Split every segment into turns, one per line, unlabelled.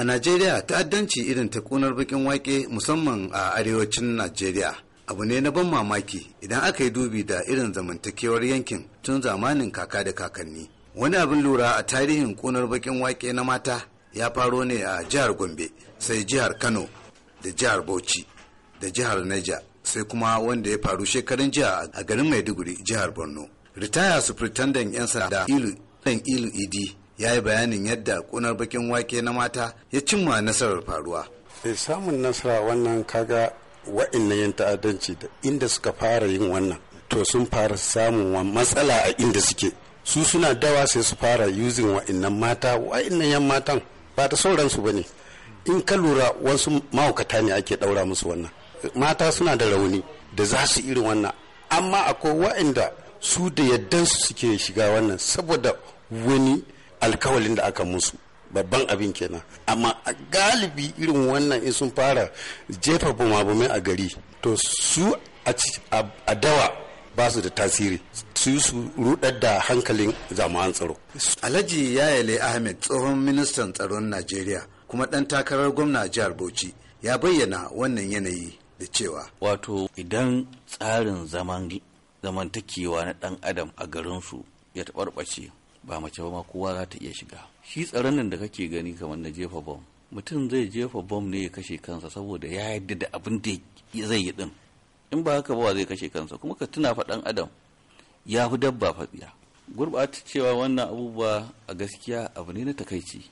A Najeriya ta'addanci irin ta kunar bakin wake musamman a arewacin Najeriya abu ne na ban mamaki idan aka yi dubi da irin zamantakewar yankin tun zamanin kaka da kakanni. Wani abin lura a tarihin kunar bakin wake na mata ya faro ne a jihar Gombe sai jihar Kano da jihar Bauchi da jihar Niger sai kuma wanda ya faru shekarun jiya a garin Maiduguri jihar Borno. Ritaya Superintendent 'yan sanda Ilu Ilu Idi ya yi bayanin yadda kunar bakin wake na mata
ya cimma nasarar faruwa. Eh, samun nasara wannan kaga wa'in yin ta'addanci da inda suka fara yin wannan to sun fara samun matsala a inda suke su suna dawa sai su fara yuzin wa'innan mata wa'innan yan matan ba ta sauransu ba ne in ka lura wasu mahaukata ne ake ɗaura musu wannan mata suna da rauni da za su irin wannan amma akwai wa'inda su da yaddansu suke shiga wannan saboda wani alkawalin da aka musu babban abin kenan amma a galibi irin wannan in sun fara jefa bumabumai a gari to su a dawa ba su da tasiri su su rudar da
hankalin jami'an tsaro alhaji yayale ahmed tsohon ministan tsaron najeriya kuma dan takarar gwamna jihar bauchi ya bayyana
wannan yanayi da cewa wato idan tsarin zamantakewa na dan adam a garinsu ya taɓarɓace ba mace ba ma kowa za ta iya shiga shi tsaron nan da kake gani kamar na jefa bom mutum zai jefa bom ne ya kashe kansa saboda ya yadda da abin da zai yi din in ba haka ba zai kashe kansa kuma ka tuna fa adam ya fi dabba fatsiya gurɓata cewa wannan abubuwa a gaskiya abu ne na takaici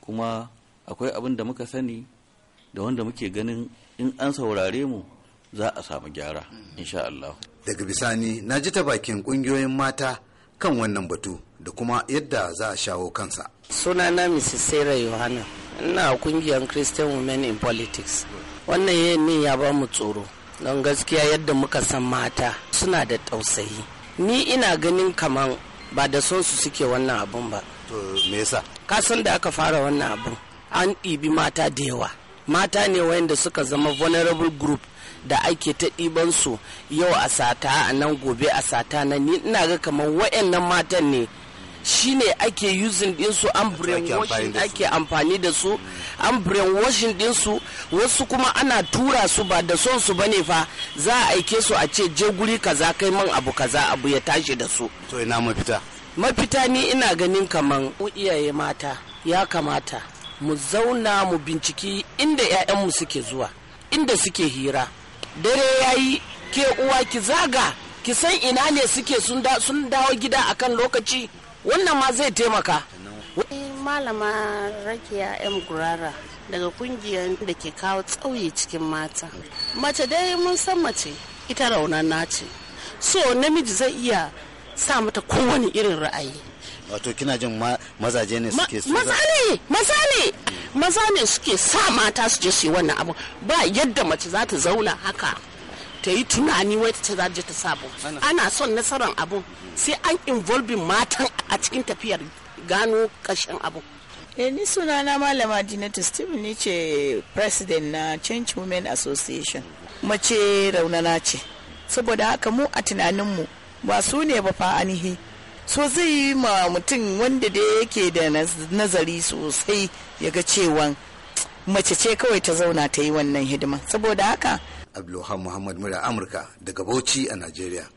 kuma akwai abin da muka sani da wanda muke ganin in an saurare mu za a samu gyara mm. insha Allah daga bisani na ji ta bakin ƙungiyoyin mata kan wannan
batu da kuma yadda za a shawo kansa. Sunana Mrs. Sarah Yohana, ina kungiyar Christian Women in Politics. Wannan yayin ya ba mu tsoro, don gaskiya yadda muka san mata suna da tausayi. Ni ina ganin kaman ba da son su suke wannan abun ba. To me yasa? Kasan da aka fara wannan abun, an ɗibi mata da yawa. mata ne wayanda suka zama vulnerable group da ake ta su yau a sata a nan gobe a sata na ni ina ga kamar wayannan matan ne shine ake using dinsu an brainwashing ake amfani da su an brainwashing dinsu wasu kuma ana tura su ba da son su bane fa za a aike su a ce je guri kaza kai man abu kaza abu ya tashi da su to ina mafita mafita ni ina ganin kaman iyaye mata ya kamata mu zauna mu binciki inda 'ya'yanmu suke zuwa inda suke hira dare ya yi ke uwa ki zaga ki san ina ne suke sun dawo gida akan lokaci wannan ma zai taimaka malama rakiya 'ya'yan gurara daga kungiyar da ke kawo tsauye cikin mata mace dai mun san mace ita raunana ce so namiji zai iya sa mata kowane irin ra'ayi wato kina jin mazaje ne suke su maza ne maza ne suke sa mata su je su wannan abu ba yadda mace za ta zauna haka ta yi tunani wai ta za ta sa abu ana son nasarar abu sai an involving matan a cikin tafiyar gano ƙarshen abu e eh, ni sunana malama dinatu steve ni ce president na change women association mace raunana ce saboda haka mu a tunaninmu ba su ne ba fa ainihi so zai yi ma mutum wanda da yake da nazari sosai ya ga cewa mace ce kawai ta zauna ta yi wannan hidima saboda haka
Abdullahi muhammad mura amurka daga bauchi a najeriya